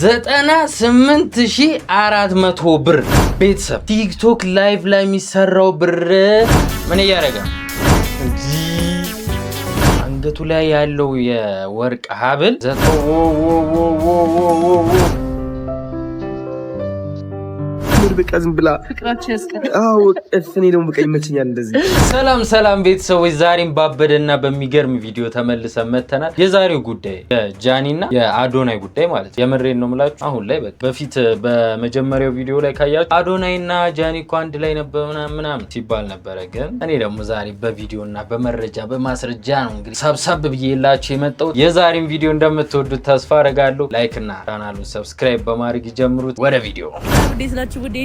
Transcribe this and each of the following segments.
ዘጠና ስምንት ሺህ አራት መቶ ብር ቤተሰብ ቲክቶክ ላይቭ ላይ የሚሰራው ብር ምን እያደረገ አንገቱ ላይ ያለው የወርቅ ሀብል በቃ ዝም ብላ እኔ ደግሞ እንደዚህ። ሰላም ሰላም ቤተሰቦች፣ ዛሬም ባበደና በሚገርም ቪዲዮ ተመልሰን መተናል። የዛሬው ጉዳይ የጃኒና የአዶናይ ጉዳይ ማለት የምሬን ነው ምላችሁ። አሁን ላይ በፊት በመጀመሪያው ቪዲዮ ላይ ካያችሁ አዶናይና ጃኒ እኮ አንድ ላይ ነበር ምናምን ሲባል ነበረ። ግን እኔ ደግሞ ዛሬ በቪዲዮና በመረጃ በማስረጃ ነው እንግዲህ ሰብሰብ ብዬላችሁ የመጣሁት። የዛሬም ቪዲዮ እንደምትወዱት ተስፋ አረጋለሁ። ላይክ እና ቻናሉን ሰብስክራይብ በማድረግ ይጀምሩት። ወደ ቪዲዮ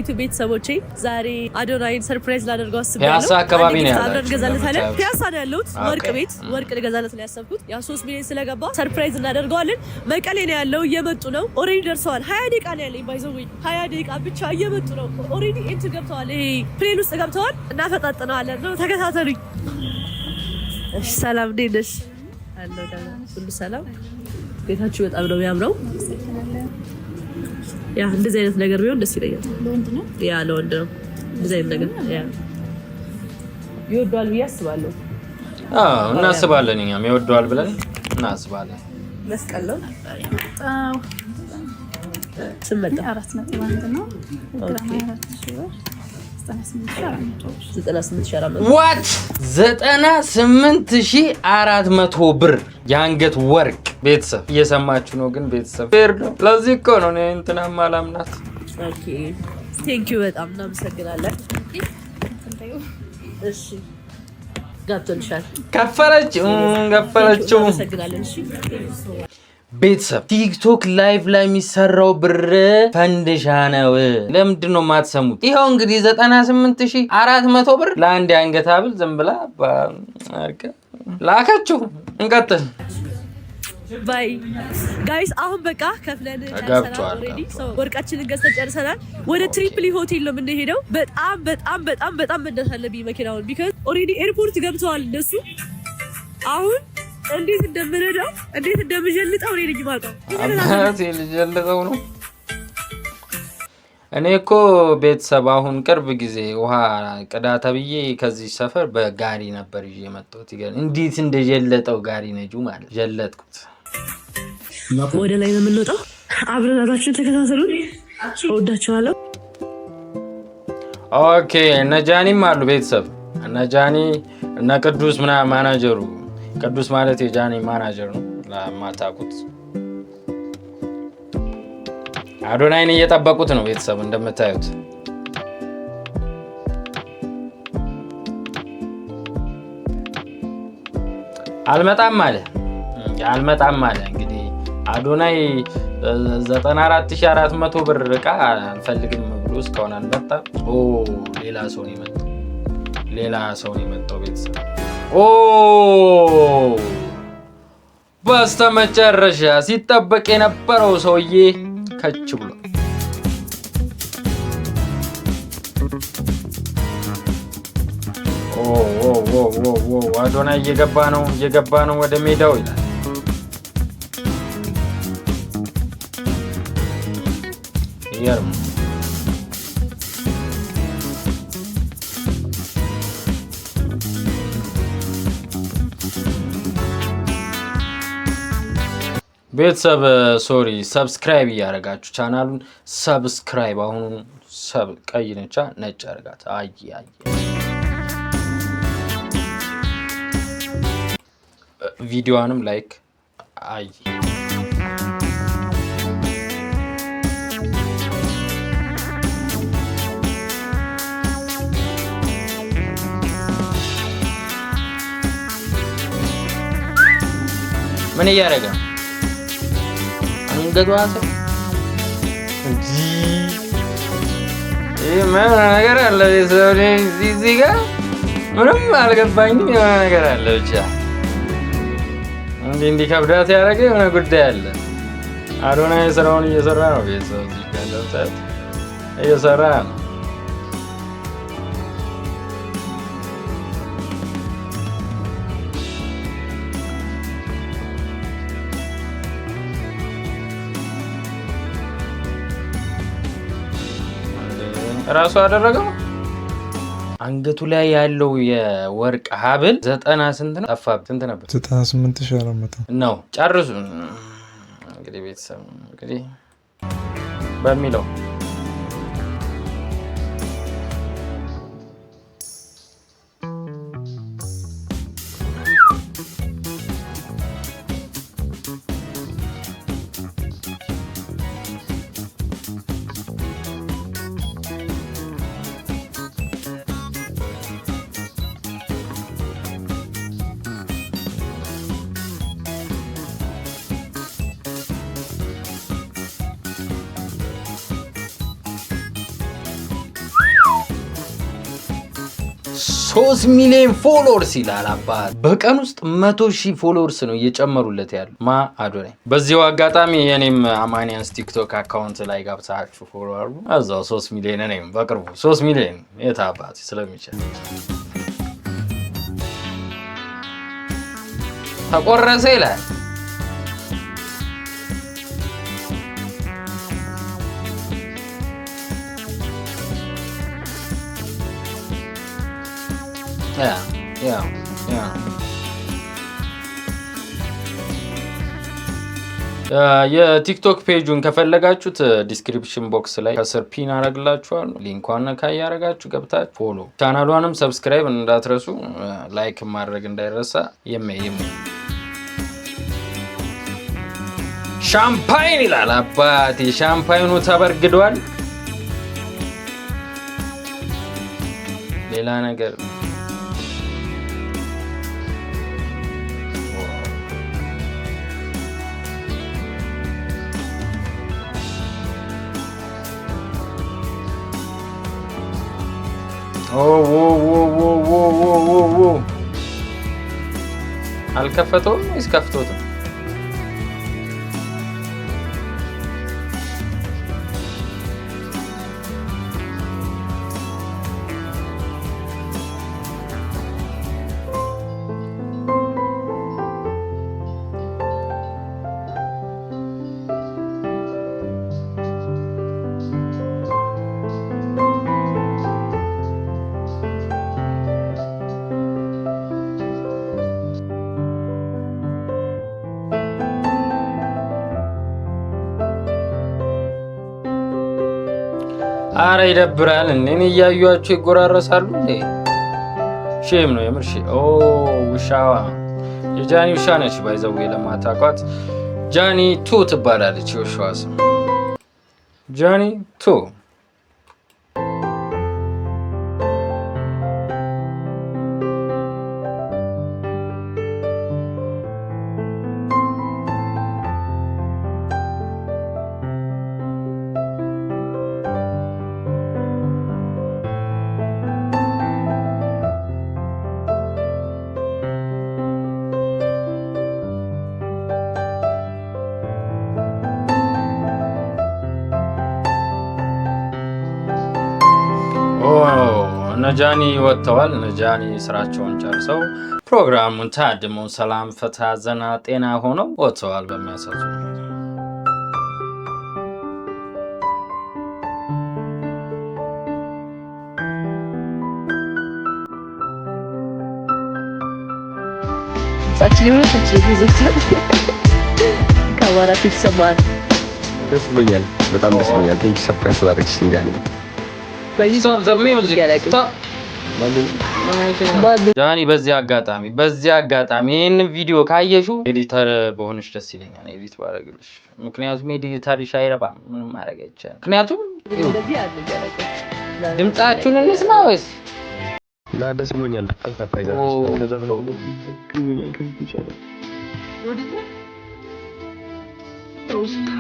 ዩቱ ቤተሰቦቼ ዛሬ አዶናይን ሰርፕራይዝ ላደርገው አስቤያለሁ። ፒያሳ አካባቢ ነው ያለው ገዛለታለ ፒያሳ ነው ያለሁት። ወርቅ ቤት ወርቅ ልገዛለት ነው ያሰብኩት። ያ ሶስት ሚሊዮን ስለገባ ሰርፕራይዝ እናደርገዋለን። መቀሌ ነው ያለው፣ እየመጡ ነው። ኦሬዲ ደርሰዋል። ሀያ ደቂቃ ነው ያለኝ ወይ ሀያ ደቂቃ ብቻ እየመጡ ነው። ኦሬዲ ኢንት ገብተዋል፣ ይሄ ፕሌን ውስጥ ገብተዋል። እናፈጣጥነዋለን ነው። ተከታተሉኝ። ሰላም፣ እንዴት ነሽ? ሁሉ ሰላም። ቤታችሁ በጣም ነው የሚያምረው። ያ እንደዚህ አይነት ነገር ቢሆን ደስ ይለኛል። ለወንድ ያ ለወንድ ነው እንደዚህ አይነት ነገር ያ ይወደዋል ብዬ አስባለሁ። አዎ እናስባለን፣ እኛም ይወደዋል ብለን እናስባለን። መስቀል ነው ስመጣ አራት ነጥብ አንድ ነው። ዘጠና ስምንት ሺህ አራት መቶ ብር የአንገት ወርቅ ቤተሰብ እየሰማችሁ ነው። ግን ቤተሰብ ፌር ነው። ለዚህ እኮ ነው እንትና ማላምናት። ቴንኪው በጣም እናመሰግናለን። ከፈለችው ከፈለችው ቤተሰብ ቲክቶክ ላይቭ ላይ የሚሰራው ብር ፈንድሻ ነው። ለምንድን ነው የማትሰሙት? ይኸው እንግዲህ 4መቶ ብር ለአንድ የአንገት ሀብል ዝም ብላ ላከችው። እንቀጥል ባይ ጋይስ፣ አሁን በቃ ከፍለን ወርቃችንን ገዝተን ጨርሰናል። ወደ ትሪፕሊ ሆቴል ነው የምንሄደው። በጣም በጣም በጣም በጣም መነሳለብኝ መኪናውን ቢካዝ ኦልሬዲ ኤርፖርት ገብተዋል እነሱ አሁን እንዴት እንዴት እንደምጀልጠው እኔ ልጅ ልጀልጠው ነው። እኔ እኮ ቤተሰብ አሁን ቅርብ ጊዜ ውሃ ቅዳ ተብዬ ከዚህ ሰፈር በጋሪ ነበር ይዤ የመጣሁት። እንዴት እንደጀለጠው ጋሪ ነጁ ማለት ጀለጥኩት። ወደ ላይ ነው የምንወጣው። እወዳችኋለሁ። ኦኬ እነ ጃኒም አሉ ቤተሰብ እነ ጃኒ እነ ቅዱስ ማናጀሩ ቅዱስ ማለት የጃኒ ማናጀር ነው። ለማታውቁት አዶናይን እየጠበቁት ነው ቤተሰብ እንደምታዩት አልመጣም አለ አልመጣም አለ። እንግዲህ አዶናይ 94400 ብር እቃ አንፈልግም ብሎ እስካሁን አልመጣም። ሌላ ሰው ነው የመጣው። ሌላ ሰው ነው የመጣው ቤተሰብ ኦ በስተመጨረሻ ሲጠበቅ የነበረው ሰውዬ ከች ብሏል። አዶናይ እየገባ ነው እየገባ ነው ወደ ሜዳው ይላል። ይገርም ቤተሰብ ሶሪ ሰብስክራይብ እያደረጋችሁ ቻናሉን ሰብስክራይብ አሁኑ ቀይ ነቻ ነጭ አርጋት። አይ አይ ቪዲዮዋንም ላይክ አይ ምን እያደረገ ስደቱ አያስብም። ምን ነገር አለ? ቤተሰብ እዚህ ጋር ምንም አልገባኝም። የሆነ ነገር አለ ብቻ እንዲህ እንዲህ ከብዳት ያደረገ የሆነ ጉዳይ አለ። አዶናይ ስራውን እየሰራ ነው። ቤተሰብ እዚህ ጋር እየሰራ ነው። ራሱ አደረገው። አንገቱ ላይ ያለው የወርቅ ሀብል ዘጠና ስንት ነው? ጠፋ። ስንት ነበር? ዘጠና ስምንት ሺህ አራት መቶ ነው። ጨርሱ እንግዲህ ቤተሰብ እንግዲህ በሚለው ሶስት ሚሊዮን ፎሎወርስ ይላል አባት። በቀን ውስጥ መቶ ሺህ ፎሎወርስ ነው እየጨመሩለት ያሉ ማ አዶናይ። በዚሁ አጋጣሚ የኔም አማኒያንስ ቲክቶክ አካውንት ላይ ጋብታችሁ ፎሎ አርጉ። እዛው ሶስት ሚሊዮን እኔም በቅርቡ ሶስት ሚሊዮን የት አባት ስለሚችል ተቆረሰ ይላል Yeah, yeah, yeah. የቲክቶክ ፔጁን ከፈለጋችሁት ዲስክሪፕሽን ቦክስ ላይ ከስር ፒን አረግላችኋል። ሊንኳን ነካ እያረጋችሁ ገብታችሁ ፎሎ ቻናሏንም ሰብስክራይብ እንዳትረሱ፣ ላይክ ማድረግ እንዳይረሳ። የሜ ሻምፓይን ይላል አባቴ። ሻምፓይኑ ተበርግዷል። ሌላ ነገር አልከፈተውም ወይስ ከፍቶትም? አረ ይደብራል። እኔን እያዩቸው ይጎራረሳሉ እንዴ? ሼም ነው የምር። ኦ ውሻዋ የጃኒ ውሻ ነች። ባይዘው ለማታቋት ጃኒ ቱ ትባላለች የውሻዋ ስም ጃኒ ቱ ነጃኒ ወጥተዋል። ነጃኒ ስራቸውን ጨርሰው ፕሮግራሙን ታድመው ሰላም፣ ፈታ፣ ዘና፣ ጤና ሆነው ወጥተዋል። በሚያሳዙ ከአማራ ይሰማል። ደስ ብሎኛል፣ በጣም ደስ ብሎኛል። ቴንኪ ሰፕራይዝ ስላደረግሽ ዳኒ በዚህ አጋጣሚ በዚህ አጋጣሚ ይህንን ቪዲዮ ካየሹ ኤዲተር በሆንሽ ደስ ይለኛል፣ ኤዲት ባረግልሽ። ምክንያቱም ኤዲተር ሻይረባ ምንም ማድረግ አይቻልም። ምክንያቱም ድምጻችሁን እንስማ ወይስ ደስ ይለኛል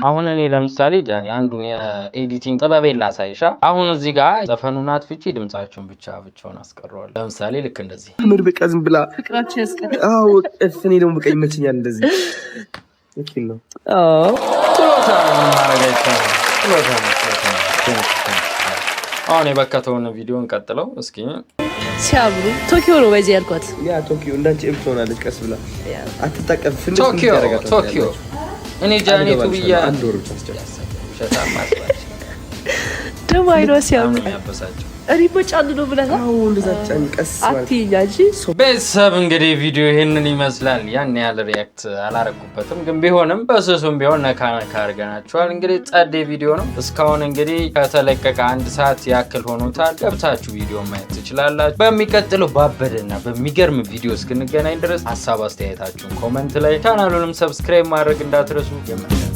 አሁን እኔ ለምሳሌ አንዱን የኤዲቲንግ ጥበቤን ላሳይሻ። አሁን እዚህ ጋር ዘፈኑን አጥፍቼ ድምጻችሁን ብቻ ብቻውን አስቀረዋል። ለምሳሌ ልክ እንደዚህ ምር በቃ ዝም ብላ ፍቅራችን ያስቀር። እኔ ደግሞ በቃ ይመችኛል እንደዚህ አሁን የበከተውን ቪዲዮ እንቀጥለው እስኪ ሲያምሩ ቶኪዮ ነው በዚህ ያልኳት ያ ቶኪዮ እንዳንቺ እብት ሆናለች። ቀስ ብላ አትጠቀም ቶኪዮ ቶኪዮ እኔ ብያ ብቻ ጃኒ ቱብያ ደግሞ አይኗ ሲያምር በጫን ነው ብለህ ቤተሰብ እንግዲህ ቪዲዮ ይህንን ይመስላል። ያን ያህል ሪያክት አላረኩበትም፣ ግን ቢሆንም በስሱም ቢሆን ነካ ነካ እንግዲህ ጸዴ ቪዲዮ ነው። እስካሁን እንግዲህ ከተለቀቀ አንድ ሰዓት ያክል ሆኖታል። ገብታችሁ ቪዲዮ ማየት ትችላላችሁ። በሚቀጥለው ባበደና በሚገርም ቪዲዮ እስክንገናኝ ድረስ ሀሳብ አስተያየታችሁን ኮመንት ላይ ቻናሉንም ሰብስክራይብ ማድረግ እንዳትረሱ።